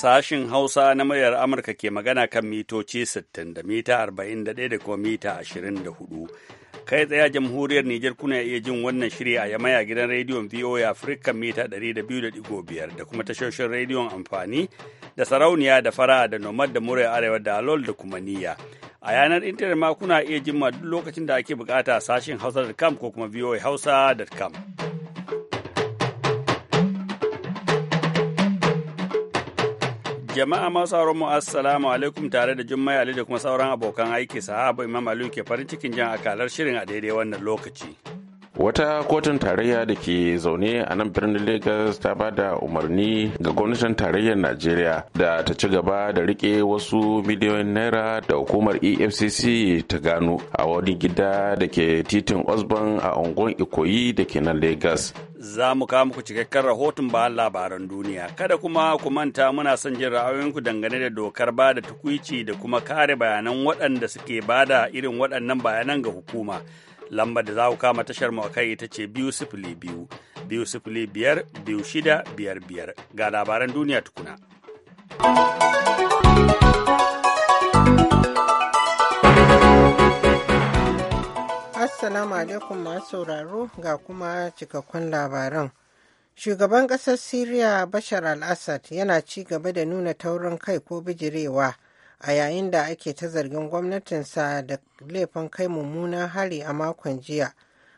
sashin Hausa na mayar Amurka ke magana kan mitoci 60 da mita 41 da kuma mita 24. Kai tsaye jamhuriyar Nijar kuna iya jin wannan shiri a yamaya gidan rediyon VOA Africa mita 200.5 da kuma tashoshin rediyon amfani da sarauniya da fara da nomad da muryar arewa da alol da kuma niyya. A yanar intanet ma kuna iya jin duk lokacin da ake bukata sashin hausa.com ko kuma voahausa.com. Jama'a masu sauran mu assalamu alaikum tare da Jummai Ali da kuma sauran abokan aiki sahaba Imam Aliyu ke farin cikin jan akalar shirin a daidai wannan lokaci. wata kotun tarayya da ke zaune a nan birnin lagos ta ba da umarni ga gwamnatin tarayyar najeriya da ta ci gaba da rike wasu miliyoyin naira da hukumar efcc ta gano a wani gida da ke titin osborn a ungon ikoyi da ke nan lagos za mu kawo muku cikakken rahoton ba labaran duniya. Kada kuma ku manta muna son jin ra'ayoyinku dangane da dokar ba da tukuici da kuma kare bayanan waɗanda suke ba da irin waɗannan bayanan ga hukuma. Lambar da za ku kama tashar mu kai ita ce biyu sifili biyu, biyu sifili biyar, biyu shida biyar biyar. Ga labaran duniya tukuna. Assalamu alaikum masu sauraro ga kuma cikakkun labaran. Shugaban ƙasar Siriya Bashar al-Assad yana ci gaba da nuna taurin kai ko bijirewa a yayin da ake ta zargin gwamnatinsa da laifin kai mummunan hari a makon jiya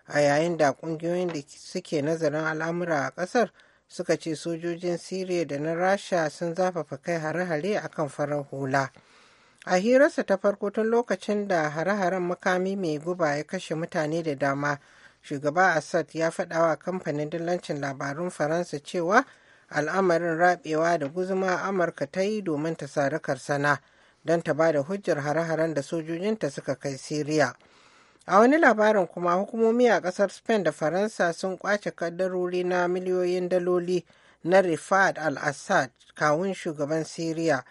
a yayin da ƙungiyoyin da suke nazarin al'amura a ƙasar suka ce sojojin Siriya da na Rasha sun zafafa kai hare-hare akan farar hula. a hirarsa ta farko tun lokacin da hare-haren makami mai guba ya kashe mutane da dama shugaba assad ya faɗa wa kamfanin dillancin labarun faransa cewa al'amarin rabewa da guzuma amurka ta yi domin ta sari sana don ta ba da hujjar hare-haren da sojojinta suka kai siriya a wani labarin kuma hukumomi a ƙasar spain da faransa sun kwace kaddarori na miliyoyin daloli na rifad al-assad kawun shugaban siriya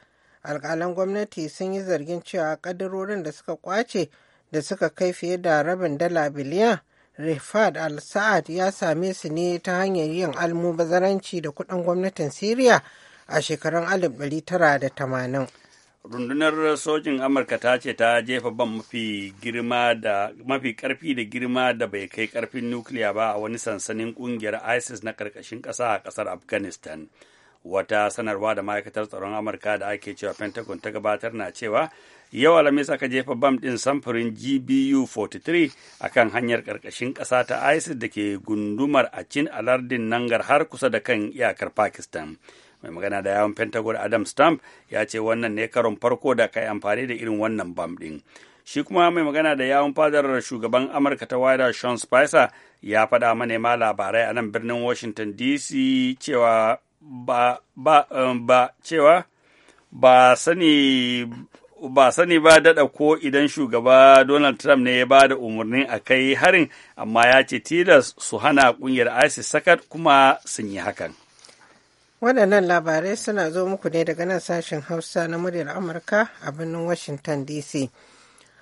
alkalan gwamnati sun yi zargin cewa kadarorin da suka kwace da suka kai fiye da rabin dala biliyan rifad al-sa'ad ya same su ne ta hanyar yin almubazaranci da kudin gwamnatin syria a shekarun 1980 rundunar sojin amurka ta ce ta jefa ban mafi girma da mafi karfi da girma da bai kai karfin nukiliya ba a wani sansanin kungiyar isis na karkashin kasa a kasar afghanistan wata sanarwa da ma'aikatar tsaron amurka da ake cewa pentagon ta gabatar na cewa yau alhamis aka jefa bam din samfurin gbu 43 a kan hanyar karkashin ƙasa ta isis da ke gundumar a cin alardin nangar har kusa da kan iyakar pakistan mai magana da yawon pentagon adam stamp ya ce wannan ne karon farko da ka yi amfani da irin wannan bam din shi kuma mai magana da yawon fadar shugaban amurka ta wada sean spicer ya faɗa manema labarai a nan birnin washington dc cewa ba, ba, um, ba cewa ba sani ba sani ba daɗa ko idan shugaba Donald Trump ne ya ba da umarnin a kai harin amma ya ce tilas su hana ƙungiyar ISIS sakat kuma sun yi hakan. Waɗannan labarai suna zo muku ne daga nan sashen Hausa na muryar Amurka a birnin Washington DC.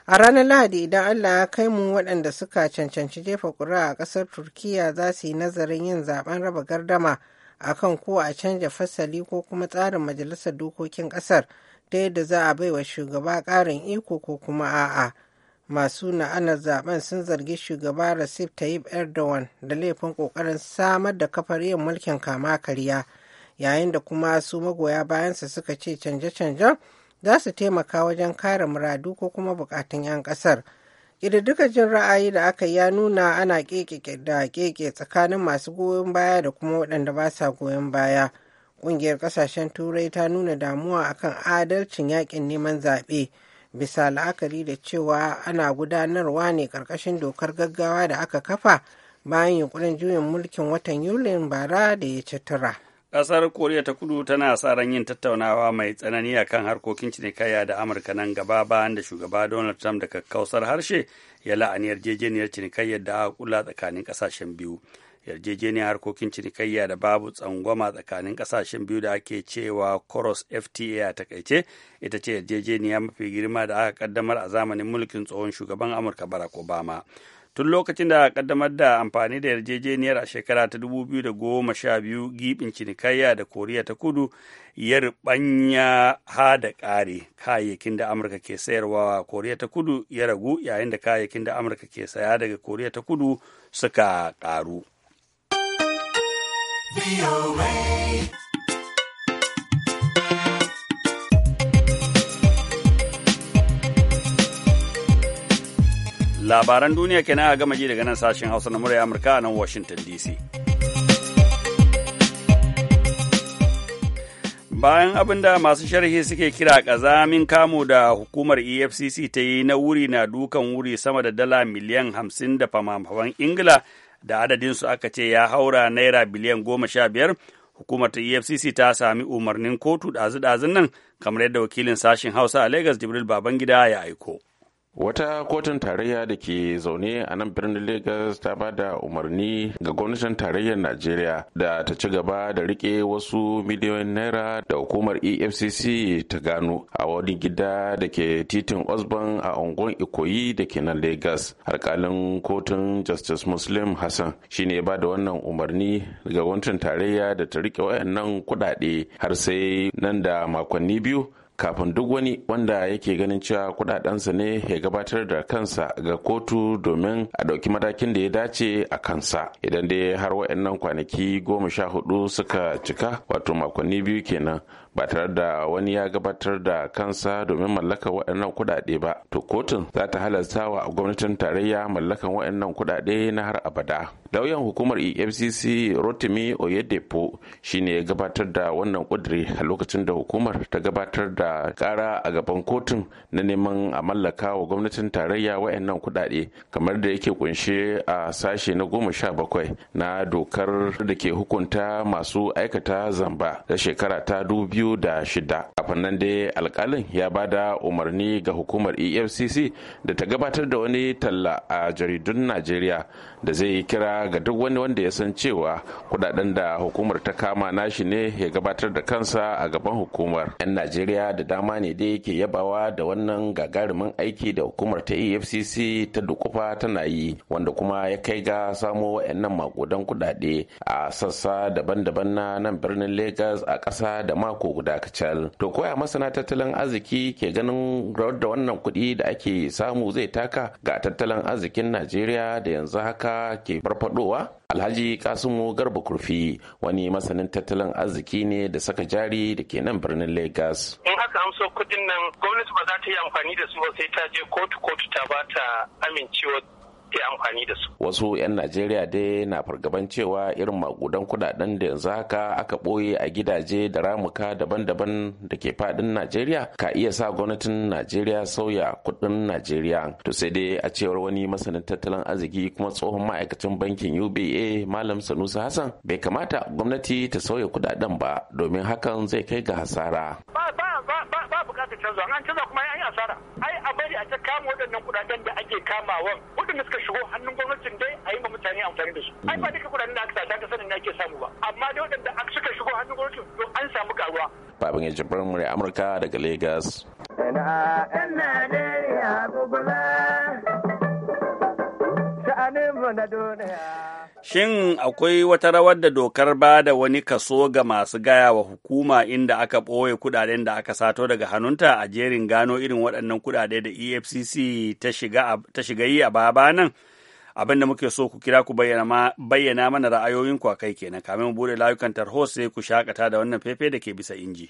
A ranar Lahadi idan Allah ya kai mu waɗanda suka cancanci jefa ƙuri'a a ƙasar Turkiyya za su yi nazarin yin zaben raba gardama akan ko a canja fasali ko kuma tsarin majalisar dokokin kasar ta yadda za a baiwa shugaba ƙarin iko ko kuma a'a masu na'anar zaben sun zargi shugaba Recep Tayyip Erdogan da laifin ƙoƙarin samar da kafar yin mulkin kama karya yayin da kuma su magoya bayansa suka ce canje-canjen za su taimaka wajen kare muradu ko kuma bukatun 'yan kasar. jin ra'ayi da aka ya nuna ana keke da keke tsakanin masu goyon baya da kuma waɗanda ba sa goyon baya ƙungiyar ƙasashen turai ta nuna damuwa akan adalcin yakin neman zaɓe bisa la'akari da cewa ana gudanarwa ne ƙarƙashin dokar gaggawa da aka kafa bayan yunkurin juyin mulkin watan yulin bara da ya ci tura. Ƙasar Koriya ta kudu tana sa ran yin tattaunawa mai tsanani a kan harkokin cinikayya da Amurka nan gaba bayan da shugaba Donald Trump da kakkausar harshe ya la'ani yarjejeniyar cinikayya da aka kula tsakanin ƙasashen biyu. Yarjejeniyar harkokin cinikayya da babu tsangwama tsakanin ƙasashen biyu da ake cewa Coros FTA a takaice ita ce yarjejeniya mafi girma da aka kaddamar a zamanin mulkin tsohon shugaban Amurka Barack Obama. tun lokacin da kaddamar da amfani da yarjejeniyar a shekara ta 2012 gibin cinikayya da koriya ta kudu ya rubanya ha da ƙare kayayyakin da amurka ke sayarwa a koriya ta kudu ya ragu yayin da kayayyakin da amurka ke saya daga koriya ta kudu suka ƙaru. labaran duniya kenan a gama ji daga nan sashen hausa na murya amurka a nan washington dc bayan abin da masu sharhi suke kira ƙazamin kamu da hukumar efcc ta yi na wuri na dukan wuri sama da dala miliyan hamsin da famafaman ingila da adadinsu aka ce ya haura naira biliyan goma sha biyar hukumar ta efcc ta sami umarnin kotu ɗazu-ɗazun nan kamar yadda wakilin sashen hausa a lagos jibril babangida ya aiko wata kotun tarayya da ke zaune a nan birnin lagos ta ba da umarni ga gwamnatin tarayyar najeriya da ta ci gaba da rike wasu miliyoyin naira da hukumar efcc ta gano a wani gida da ke titin osborn a unguwar ikoyi da ke nan lagos alkalin kotun justice muslim hassan shine ya ba da wannan umarni ga gwamnatin tarayya da ta rike wayannan kudade har sai nan da makonni biyu kafin duk wani wanda yake ganin cewa kudadensa ne ya gabatar da kansa ga kotu domin a ɗauki matakin da ya dace a kansa idan dai har wa'annan kwanaki goma sha hudu suka cika wato makonni biyu kenan ba tare da wani ya gabatar da kansa domin mallakar waɗannan kuɗaɗe ba to kotun za ta halarta wa gwamnatin tarayya mallakan waɗannan kuɗaɗe na har abada lauyan hukumar efcc rotimi oyedepo shine ya gabatar da wannan ƙudiri a lokacin da hukumar ta gabatar da kara a gaban kotun na neman a mallaka wa gwamnatin tarayya wayannan kudade, kamar da yake kunshe a sashe na goma sha bakwai na dokar da ke hukunta masu aikata zamba da shekara ta dubu da shida kafin nan dai alkalin ya ba da umarni ga hukumar efcc da ta gabatar da wani talla a jaridun najeriya da zai yi kira ga duk wani wanda ya san cewa kudaden da hukumar ta kama nashi ne ya gabatar da kansa a gaban hukumar yan najeriya da dama ne dai ke yabawa da wannan gagarumin aiki da hukumar ta efcc ta dukufa tana yi wanda kuma ya kai ga samo wayannan makudan kudade a sassa daban-daban na nan birnin lagos a ƙasa da mako guda kacal to koya masana tattalin arziki ke ganin rawar da wannan kuɗi da ake samu zai taka ga tattalin arzikin najeriya da yanzu haka ƙasa ke farfadowa alhaji kasimu garba kurfi wani masanin tattalin arziki ne da saka jari da ke nan birnin lagos in aka amso kudin nan gwamnati ba za ta yi amfani da su ba sai ta je kotu kotu ta ba ta amincewa ke amfani da su. Wasu 'yan Najeriya dai na fargaban cewa irin magudan kudaden da yanzu haka aka ɓoye a gidaje da ramuka daban-daban da ke fadin Najeriya ka iya sa gwamnatin Najeriya sauya kudin Najeriya. To sai dai a cewar wani masanin tattalin arziki kuma tsohon ma'aikacin bankin UBA Malam Sanusi Hassan bai kamata gwamnati ta sauya kudaden ba domin hakan zai kai ga hasara. Ba ba ba ba bukatar canza an canza kuma an yi asara. Ai a bari a ta kama waɗannan kudaden kamawan waɗanda suka shigo hannun gwamnatin dai a yi ma mutane amfani da su ai ba duka kuɗaɗen da aka sa ta sanin na ke samu ba amma dai waɗanda suka shigo hannun gwamnatin to an samu karuwa babin ya mu murya amurka daga lagos sha'anin mu na duniya Shin akwai wata rawar da dokar ba da wani kaso ga masu gaya wa hukuma inda aka ɓoye kudaden da aka sato daga hannunta a jerin gano irin waɗannan kudade da EFCC ta shiga yi a baba nan? Abin da muke so ku kira ku bayyana mana ra'ayoyinku a kai kenan, kamin mu buɗe layukan tarho sai ku shakata da wannan fefe da ke bisa inji.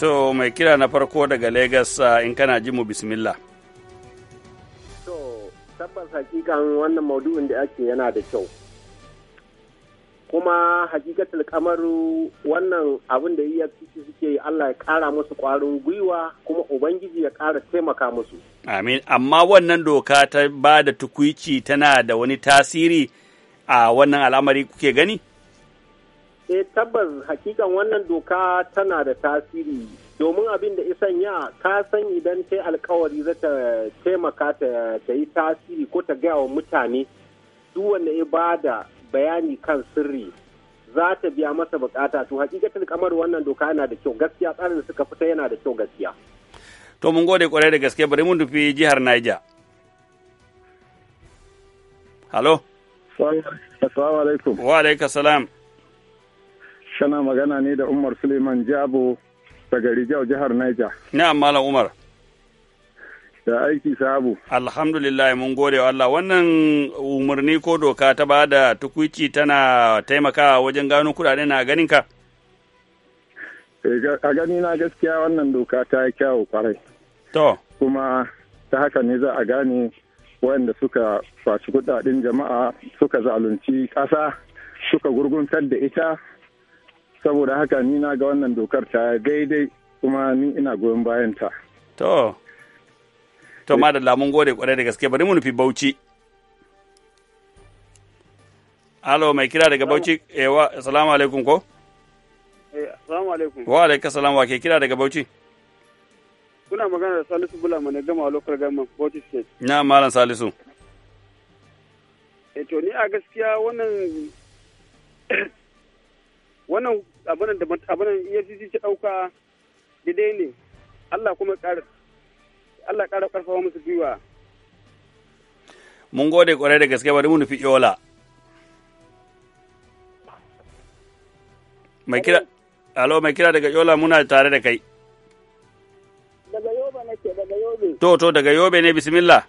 To mai kira na farko daga Legas uh, in kana ji mu bismillah. To tabbas hakikan wannan maudu'in da ake yana da kyau. Kuma hakikatar kamaru wannan abin da iya ciki suke Allah ya kara musu kwarin gwiwa kuma Ubangiji ya kara taimaka musu. Amin, amma wannan doka ta ba da tukwici tana da wani tasiri a wannan al'amari kuke gani? eh tabbas hakikan wannan doka tana da tasiri domin abin da isan ya ka san idan ta alkawari zata taimaka ta yi tasiri ko ta gaya wa mutane duk wanda ya bada bayani kan sirri za ta biya masa bukata to hakikatin kamar wannan doka yana da kyau gaskiya tsarin da suka fita yana da kyau gaskiya to mun gode kwarai da gaske bari mun dufi jihar Niger Halo Assalamu alaikum Wa alaikum salam Tana magana ne da Umar Suleiman Jabo daga Rijau jihar Niger. Na'am Malam Umar. Da aiki sabu. Alhamdulillah mun gode wa Allah wannan umarni ko doka ta ba da tukuici tana taimakawa wajen gano kuɗaɗe na ganin ka. Eh, a gani na gaskiya wannan doka ta yi kyawu kwarai. To. Kuma ta haka ne za a gane waɗanda suka faci kuɗaɗen jama'a suka zalunci ƙasa suka gurguntar da ita saboda haka ni na ga wannan dokar ta daidai kuma ni ina goyon bayan ta to to ma da lamun gode kwarai da gaske bari mu nufi bauchi alo mai kira daga bauchi ewa eh, assalamu alaikum ko assalamu eh, alaikum wa salam wa ke kira daga bauchi kuna magana da salisu bula ne gama lokar gama bauchi state na malam salisu Eto eh, ni a gaskiya wannan wannan abinan da abinan EFCC ta dauka daidai ne Allah kuma ƙara Allah ƙara ƙarfafa musu gwiwa mun gode kwarai da gaske bari mu nufi Yola mai kira alo mai kira daga Yola muna tare da kai daga Yobe nake daga Yobe to to daga Yobe ne bismillah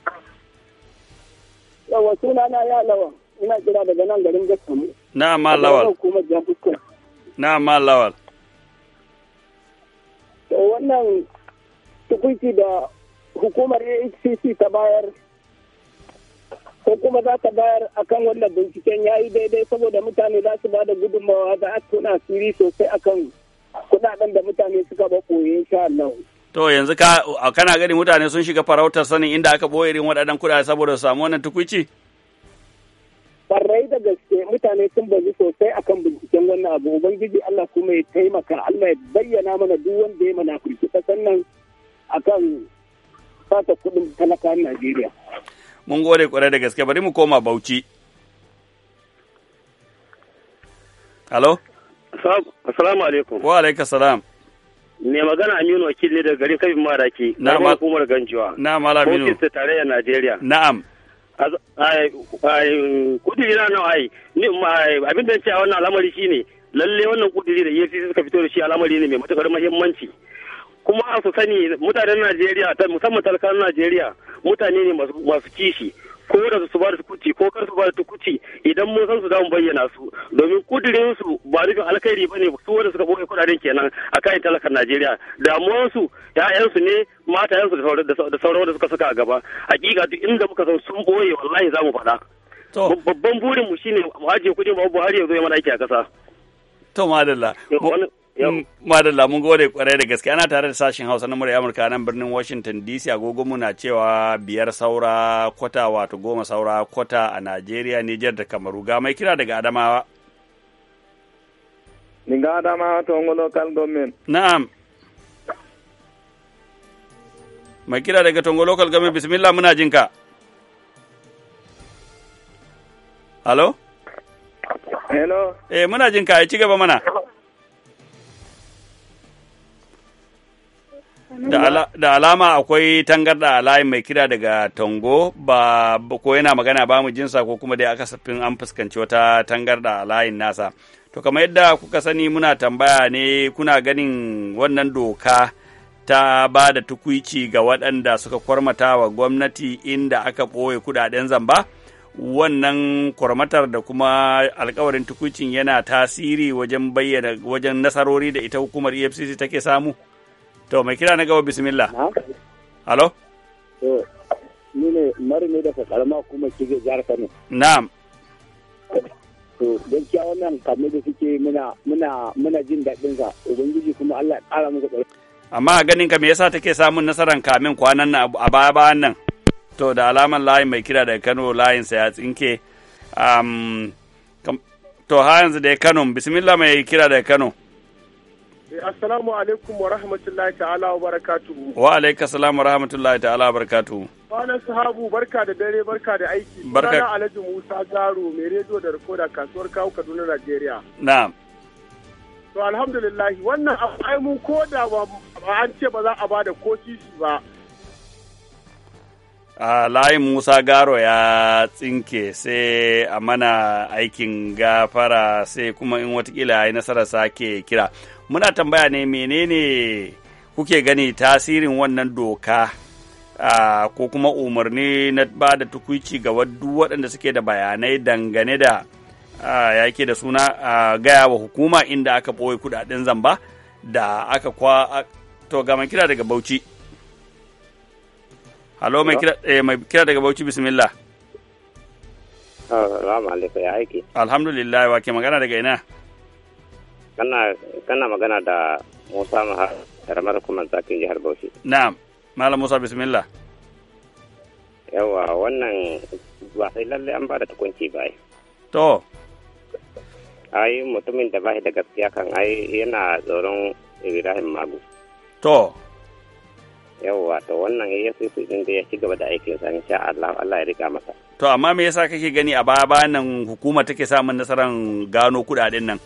yawa suna na ya lawa, ina kira daga nan garin Gassamu na'am ma lawan kuma jan fuskar na lawal to wannan da hukumar AHCC ta bayar ko kuma za ta bayar akan wannan binciken ya yi daidai saboda mutane za su ba da gudunmawa za a tuna asiri sosai akan kudaden da mutane suka ba koyi insha Allah. To yanzu ka kana gani mutane sun shiga farautar sanin inda aka boye irin waɗannan kuɗaɗe saboda su samu wannan tukuici? Barrai da gaske mutane sun bazu sosai akan binciken wannan abu Ubangiji Allah kuma ya taimaka Allah ya bayyana mana duk wanda ya mana kurki kasan akan fata kudin a Najeriya. Mun gode kwarai da gaske bari mu koma Bauchi. Hello Assalamu alaikum. Wa alaikum salam. ne magana Aminu wakili ne daga garin Kabin Maraki. na Hukumar Ganjuwa. Na'am Aminu. Ofis tarayyar Najeriya. Na'am. kudiri na nan ai abin da cewa wannan al'amari shine lalle wannan kudiri da EFCC suka fito da shi al'amari ne mai matukar muhimmanci kuma su sani mutanen Najeriya musamman talakan Najeriya mutane ne masu kishi ko da su ba da kuci ko kar su ba da tukuci idan mun san su za mu bayyana su domin kudirin su ba nufin alkhairi bane su wanda suka boye kudaden kenan a kan talakan Najeriya damuwar su ƴaƴan su ne matayen su da sauran da suka saka a gaba hakika duk inda muka san sun boye wallahi za mu faɗa babban burin mu shine mu ajiye kudin mu Buhari ya zo ya mana aiki a ƙasa to madalla Mm, madalla mun gode kwarai da gaske ana tare da sashen Hausa na murya Amurka nan birnin Washington DC agogo na cewa biyar saura kwata wato goma saura kwata a Najeriya, Nijar da Kamaru ga mai kira daga Adamawa. Daga Adamawa wani Local Government. Na'am. Mai kira daga Tongo Local Government bismillah muna ka. Halo? Hello. Eh muna jinka ya ci gaba mana. Hello. da alama akwai tangarda a layin mai kira daga tango ba ko yana magana ba mu jinsa ko kuma dai aka safin an fuskanci wata tangarda a layin nasa to kamar yadda kuka sani muna tambaya ne kuna ganin wannan doka ta ba da tukuici ga waɗanda suka kwarmata wa gwamnati inda aka ɓoye kudaden zamba wannan kwarmatar da kuma alkawarin tukuicin yana tasiri wajen bayyana wajen nasarori da ita hukumar efcc take samu to mai kira na gaba bismillah halo ni ne mari ne daga karama kuma kige jihar kano na'am to don gaskiya wannan kamar da suke muna muna muna jin daɗin sa ubangiji kuma Allah ya ƙara muku tsaro amma a ganin ka me yasa take samun nasarar kamin kwanan nan a baya bayan nan to da alaman layin mai kira daga Kano layin sa ya tsinke um, to ha yanzu da Kano bismillah mai kira daga Kano Eh, assalamu alaikum wa rahmatullahi ta'ala wa barakatuhu. Wa alaika salam wa rahmatullahi ta'ala wa barakatuhu. Malam sahabu barka da dare barka da aiki. Barka. Sunana Alhaji Musa Garo mai rediyo da rikoda kasuwar kawo Kaduna Najeriya. Na'am. To alhamdulillah wannan abu mu ko da ba an ce ba za a bada ko sisi ba. Uh, layin Musa Garo ya tsinke sai a mana aikin gafara sai kuma in watakila ya yi nasarar sake kira. muna tambaya ne menene kuke gani tasirin wannan doka ko kuma umarni na ba da tukuici ga duk waɗanda suke da bayanai dangane da yake da suna gaya wa hukuma inda aka ɓoye kudaden zamba da aka kwa to ga mai kira daga bauchi halo mai kira eh, daga bauchi bismillah ah, alhamdulillah wa ke magana daga ina kana kana magana da Musa Mahar karamar kuma zakin jihar Bauchi na'am malam Musa bismillah yawa wannan ba sai lalle an ba da tukunci ba to ai mutumin da bai da gaskiya kan ai yana tsoron ibrahim magu to yawa to wannan ya yi su din da ya ci gaba da aikin sa insha Allah Allah ya riga masa to amma me yasa kake gani a baya nan hukuma take samun nasarar gano kudaden nan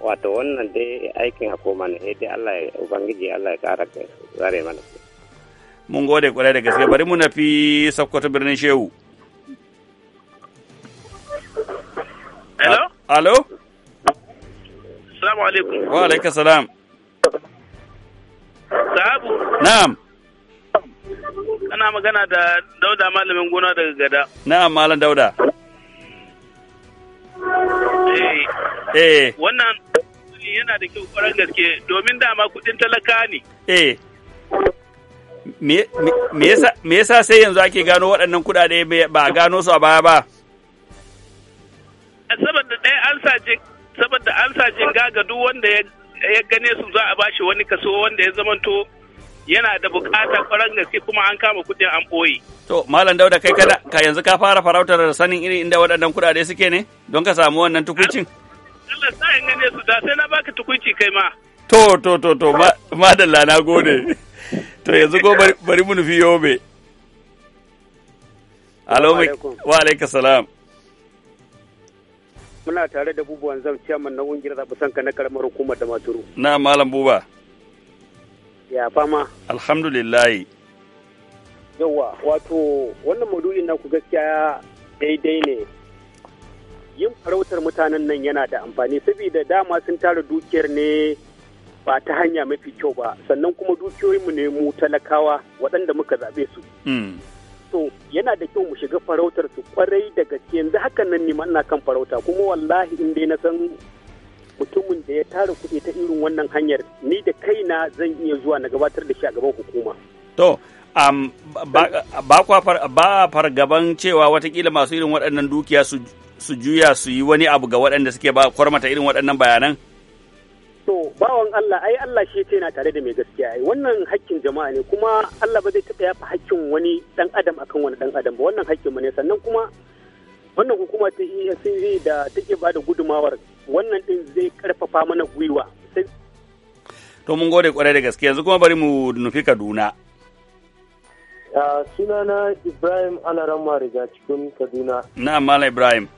wato wannan dai aikin hakoma ne sai eh, dai Allah ya ubangiji Allah ya kara zare mana mun gode kwarai da gaske bari mu nafi sakkwato birnin shehu hello hello assalamu alaikum wa alaikum salam sabu. na'am kana magana da dauda malamin gona daga gada na'am malam dauda eh eh wannan yana da kyau kwarar gaske domin dama kudin talaka ne. Eh. Me yasa sai yanzu ake gano waɗannan kuɗaɗe ba gano su a baya ba? Saboda ɗaya an sace saboda an sace gaga duk wanda ya gane su za a bashi wani kaso wanda ya zamanto yana da bukata kwarar gaske kuma an kama kudin an ɓoye. To, Malam Dauda kai kada ka yanzu ka fara farautar sanin irin inda waɗannan kuɗaɗe suke ne don ka samu wannan tukucin? Allah sa in gane su da sai na baka tukunci kai ma. To to to to madalla na gode. To yanzu ko bari mu nufi yobe. Alo wa alaika salam. Muna tare da bubuwan zam ciyaman na kungiyar zaɓi ka na karamar hukumar da maturu. Na malam buba. Ya fama. Alhamdulillah. Yawwa wato wannan maudu'in naku gaskiya daidai ne yin farautar mutanen nan yana da amfani saboda dama sun tara dukiyar ne ba ta hanya mafi kyau ba sannan kuma dukiyoyinmu ne mu talakawa waɗanda muka zaɓe su. So hmm. yana da kyau mu shiga farautar su kwarai da gaske yanzu hakan nan ne ina kan farauta kuma wallahi in dai na san mutumin da ya tara kuɗi ta irin wannan hanyar ni da kaina zan iya zuwa na gabatar da shi a gaban hukuma. To um, ba, ba, ba, ba fargaban cewa watakila masu irin waɗannan dukiya su su juya su yi wani abu ga waɗanda suke ba kwarmata irin waɗannan bayanan? To, bawan Allah, ai Allah shi ce na tare da mai gaskiya, ai wannan hakkin jama'a ne, kuma Allah ba zai taɓa yafa hakkin wani ɗan adam akan wani ɗan adam ba, wannan hakkin ne, sannan kuma wannan hukuma ta EFCC da take ba da gudumawar wannan ɗin zai karfafa mana gwiwa. To, mun gode kwarai da gaske, yanzu kuma bari mu nufi Kaduna. Ah, sunana Ibrahim Alaramma riga cikin Kaduna. Na amala Ibrahim.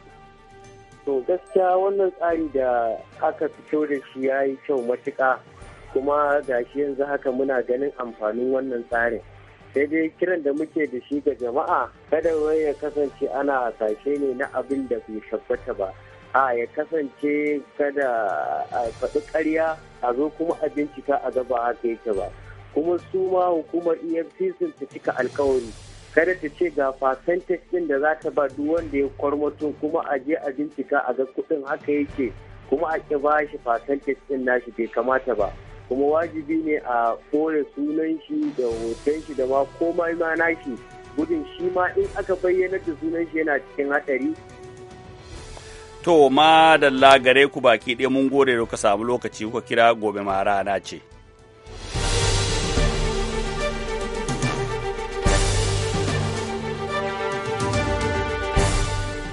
to gaskiya wannan tsari da aka fito da shi ya yi kyau matuka, kuma ga shi yanzu haka muna ganin amfanin wannan tsarin sai dai kiran da muke da shi ga jama'a kada wai ya kasance ana sashe ne na abin da bai tabbata ba a ya kasance kada a faɗi ƙarya a zo kuma a bincika a gaba haka yake ba kuma su ma hukumar efcc ta cika alkawari kada ta ce ga percentage din da za ta ba duk wanda ya kwarmato kuma a je a bincika a ga kuɗin haka yake kuma a ba shi percentage din nashi bai kamata ba kuma wajibi ne a kore sunan shi da hoton shi da ma komai ma nashi gudun shi ma in aka bayyana da sunan shi yana cikin hatsari to ma da gare ku baki ɗaya mun gode da ka samu lokaci kuka kira gobe ma rana ce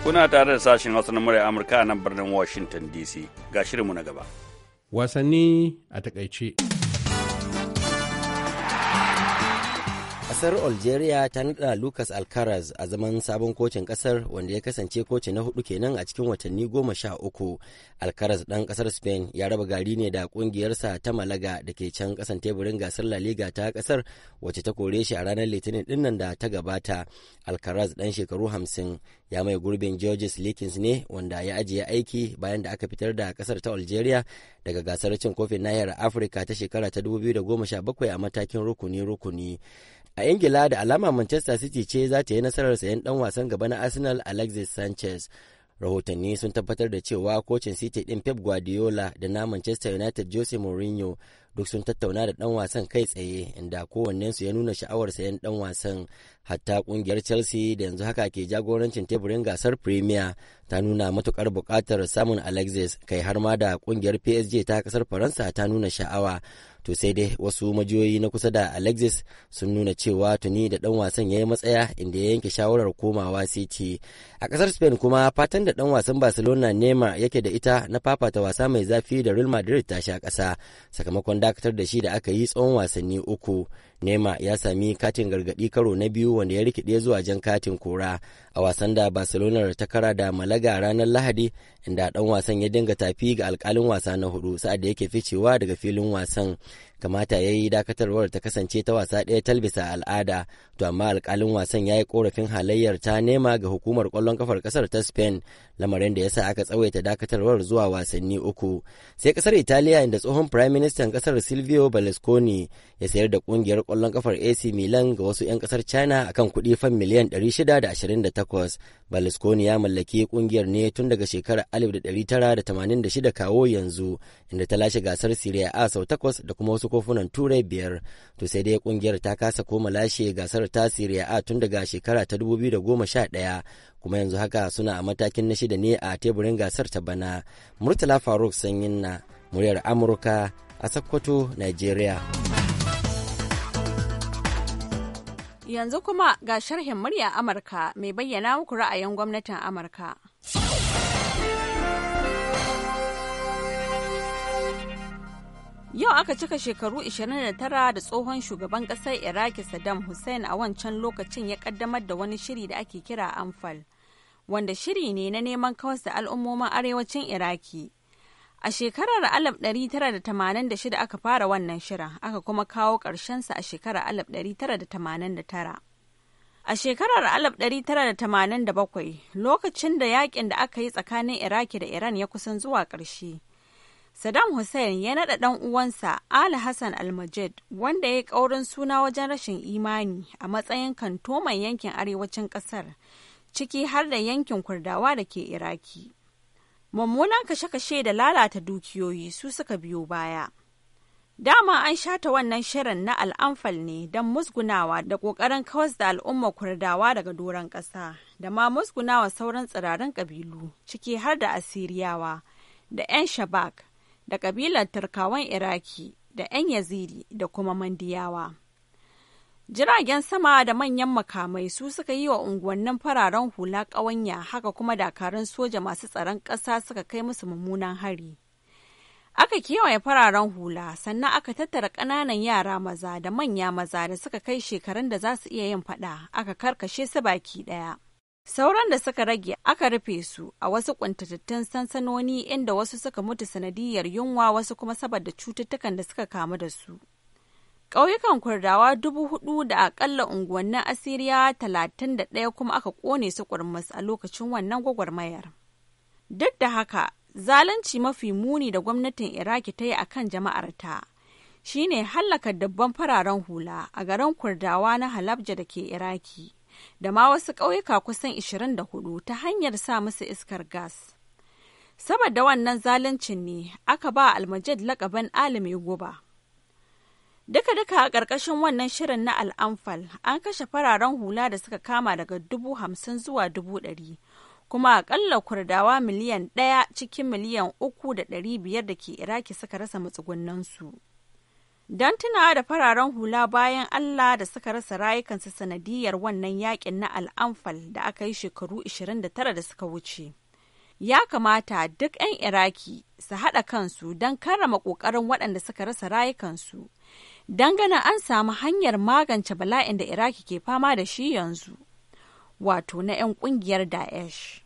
Kuna tare da sashen Hausa na murya Amurka a nan birnin Washington DC. Ga shirinmu na gaba. Wasanni a takaice. Kasar Algeria ta nada Lucas Alcaraz a zaman sabon kocin kasar wanda ya kasance koci na hudu kenan a cikin watanni goma sha uku. Alcaraz dan kasar Spain ya raba gari ne da kungiyarsa ta Malaga da ke can kasan teburin gasar La Liga ta kasar wacce ta kore shi a ranar Litinin dinnan da ta gabata. Alcaraz dan shekaru hamsin ya mai gurbin Georges Likins ne wanda ya ajiye aiki bayan da aka fitar da kasar ta Algeria daga gasar cin kofin nahiyar Afirka ta shekara ta 2017 a matakin rukuni-rukuni. A Ingila da alama Manchester City ce za ta yi nasarar sayan ɗan wasan gaba na Arsenal Alexis Sanchez. Rahotanni sun tabbatar da cewa kocin City ɗin Pep Guardiola da na Manchester United Jose Mourinho duk sun tattauna da dan wasan kai tsaye inda kowannensu ya nuna sha'awar sayan dan wasan hatta kungiyar chelsea da yanzu haka ke jagorancin teburin gasar premier ta nuna matukar bukatar samun alexis kai har ma da kungiyar psg ta kasar faransa ta nuna sha'awa to sai dai wasu majiyoyi na kusa da alexis sun nuna cewa tuni da dan wasan ya yi matsaya inda ya yanke shawarar komawa city a kasar spain kuma fatan da dan wasan barcelona neymar yake da ita na fafata wasa mai zafi da real madrid ta sha kasa sakamakon dakatar da shi da aka yi tsawon wasanni uku nema ya sami katin gargadi karo na biyu wanda ya rikide zuwa jan katin kora a wasan da barcelona ta kara da malaga ranar lahadi inda dan wasan ya dinga tafi ga alkalin wasa na hudu sa'ad da yake ficewa daga filin wasan kamata ya yi dakatarwar ta kasance ta wasa ɗaya talbisa al'ada to amma alkalin wasan ya yi korafin halayyar ta nema ga hukumar kwallon kafar ƙasar ta spain lamarin da ya sa aka tsawaita dakatarwar zuwa wasanni uku sai ƙasar italiya inda tsohon prime ministan ƙasar silvio berlusconi ya sayar da ƙungiyar kwallon kafar AC Milan ga wasu 'yan kasar China akan kuɗi fan miliyan 628. Berlusconi ya mallaki kungiyar ne tun daga shekarar 1986 kawo yanzu inda ta lashe gasar Serie A sau takwas da kuma wasu kofunan Turai biyar. To sai dai kungiyar ta kasa koma lashe gasar ta Serie A tun daga shekara ta 2011 kuma yanzu haka suna a matakin na shida ne a teburin gasar ta bana. Murtala Faruk Sanyin na muryar Amurka a Sokoto, Nigeria. Yanzu kuma ga sharhin murya Amurka mai bayyana muku ra'ayin gwamnatin Amurka. Yau aka cika shekaru 29 da tsohon shugaban ƙasar Iraki Saddam Hussein a wancan lokacin ya ƙaddamar da wani shiri da ake kira Amfal, wanda shiri ne na neman kawas da al'ummomin arewacin Iraki A shekarar 1986 aka fara wannan shirin, aka kuma kawo ƙarshensa a shekarar 1989. A shekarar 1987, lokacin da yakin da aka yi tsakanin Iraki da Iran ya kusan zuwa ƙarshe, Saddam Hussein ya naɗa ɗan uwansa Ali Hassan Almajid, wanda ya yi ƙaurin suna wajen rashin imani a matsayin kantoman yankin arewacin ƙasar, ciki har da yankin Kurdawa da ke Iraki. mummunan kashe-kashe da lalata dukiyoyi su suka biyo baya. Dama an shata wannan shirin na al'amfal ne don musgunawa da ƙoƙarin kawas da al'umma kurdawa daga doron ƙasa, da ma musgunawa sauran tsirarin ƙabilu, ciki har da Asiriyawa, da 'yan Shabak, da ƙabilar Turkawan Iraki, da 'yan Yaziri, da kuma Mandiyawa. Jiragen sama da manyan makamai su suka yi wa unguwannin fararen hula ƙawanya haka kuma dakarun soja masu tsaron ƙasa suka kai musu mummunan hari. Aka kewaye fararen hula sannan aka tattara ƙananan yara maza da manya maza da suka kai shekarun da za su iya yin faɗa aka karkashe su baki ɗaya. Sauran da suka rage aka rufe su a wasu ƙuntatattun sansanoni inda wasu suka mutu sanadiyar yunwa wasu kuma saboda cututtukan da suka kamu da su. ƙauyukan kurdawa dubu hudu da akalla unguwannin asiriya talatin da ɗaya kuma aka ƙone su ƙurmus a lokacin wannan gwagwarmayar duk da haka zalunci mafi muni da gwamnatin iraki ta yi a kan jama'arta shi shine hallaka dabban fararen hula a garin kurdawa na halabja da ke iraki da ma wasu ƙauyuka kusan ishirin da hudu ta hanyar sa musu iskar gas. Saboda wannan zaluncin ne aka ba almajid lakaban alimi guba. Duka duka a ƙarƙashin wannan shirin na al'amfal an kashe fararen hula da suka kama daga dubu hamsin zuwa dubu ɗari. Kuma aƙalla kurdawa miliyan ɗaya cikin miliyan uku da ɗari biyar da ke Iraki suka rasa matsugunansu. Don tunawa da fararen hula bayan Allah da suka rasa rayukansu sanadiyar wannan yaƙin na al'amfal da aka yi shekaru tara da suka wuce. ya kamata duk 'yan Iraki su haɗa kansu don karrama ƙoƙarin waɗanda suka rasa rayukansu. dangana an samu hanyar magance bala'in da iraki ke fama da shi yanzu wato na 'yan kungiyar daesh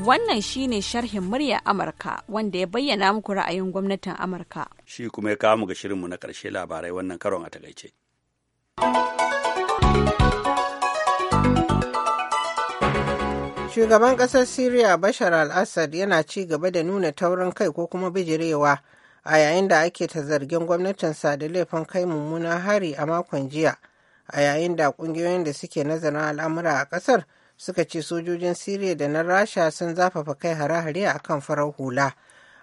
wannan shine sharhin murya amurka wanda ya bayyana muku ra'ayin gwamnatin amurka shi kuma ya kawo mu ga shirinmu na ƙarshe labarai wannan karon a takaice Shugaban ƙasar Syria Bashar al-Assad yana ci gaba da nuna taurin kai ko kuma bijirewa a yayin da ake ta zargin gwamnatinsa da laifin kai mummunan hari a makon jiya a yayin da ƙungiyoyin da suke nazarin al'amura a ƙasar suka ce sojojin Syria da na Rasha sun zafafa kai hare-hare a kan farar hula.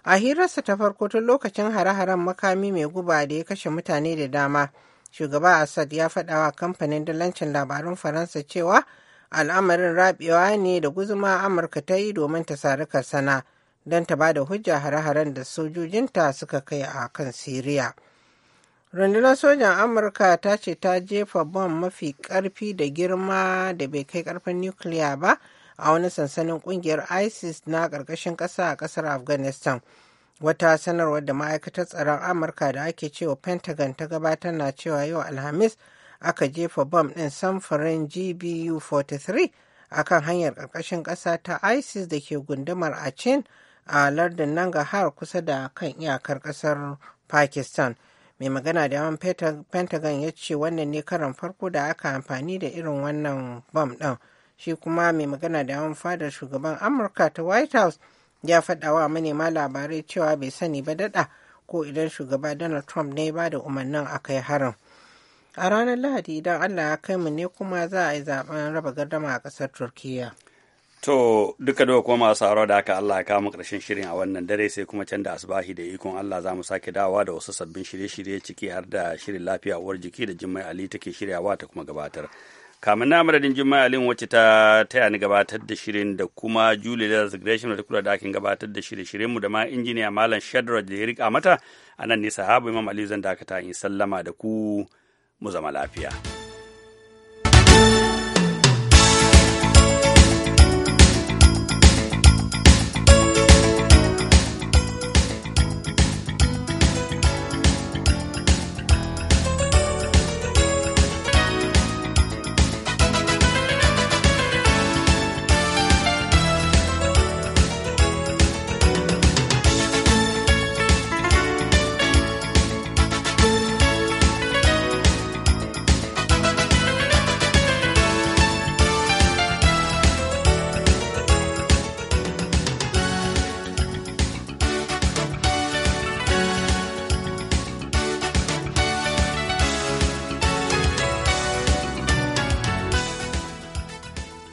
A hirarsa ta farko tun lokacin hare-haren makami mai guba da ya kashe mutane da dama, shugaba Assad ya faɗawa kamfanin dalancin labarun Faransa cewa al'amarin rabewa ne da guzuma amurka ta yi domin ta sari karsana don ta ba da hujja hare-haren da sojojinta suka kai a kan siriya rundunar sojan amurka ta ce ta jefa bom mafi karfi da girma da bai kai karfin nukiliya ba a wani sansanin kungiyar isis na ƙarƙashin ƙasa a ƙasar afghanistan wata sanarwar da ma'aikatar tsaron amurka da ake cewa pentagon ta gabatar na cewa yau alhamis aka jefa bam ɗin samfurin gbu 43 a kan hanyar ƙarƙashin ƙasa ta isis da ke gundumar a cin a lardin har kusa da kan iyakar ƙasar pakistan mai magana da yawan pentagon ya ce wannan ne karan farko da aka amfani da irin wannan bam ɗin shi kuma mai magana da yawan fadar shugaban amurka ta white house ya faɗa wa manema labarai cewa bai sani ba daɗa ko idan shugaba donald trump ne ba da umarnin a kai harin a ranar lahadi idan allah ya kai mu ne kuma za a yi zaben raba gardama a kasar turkiya To duka da kuma masu sauraro da aka Allah ya kawo mu ƙarshen shirin a wannan dare sai kuma can da asbahi da ikon Allah za mu sake dawowa da wasu sabbin shirye-shirye ciki har da shirin lafiya uwar jiki da Jummai Ali take shiryawa ta kuma gabatar. Kamin na madadin Jummai Ali wacce ta taya ni gabatar da shirin da kuma Julie da zagreshin da kula da akin gabatar da shirye-shiryen mu da ma injiniya Malam Shadrach da ya rika mata a nan nisa sahaba Imam Ali zan dakata in sallama da ku. mu zama lafiya.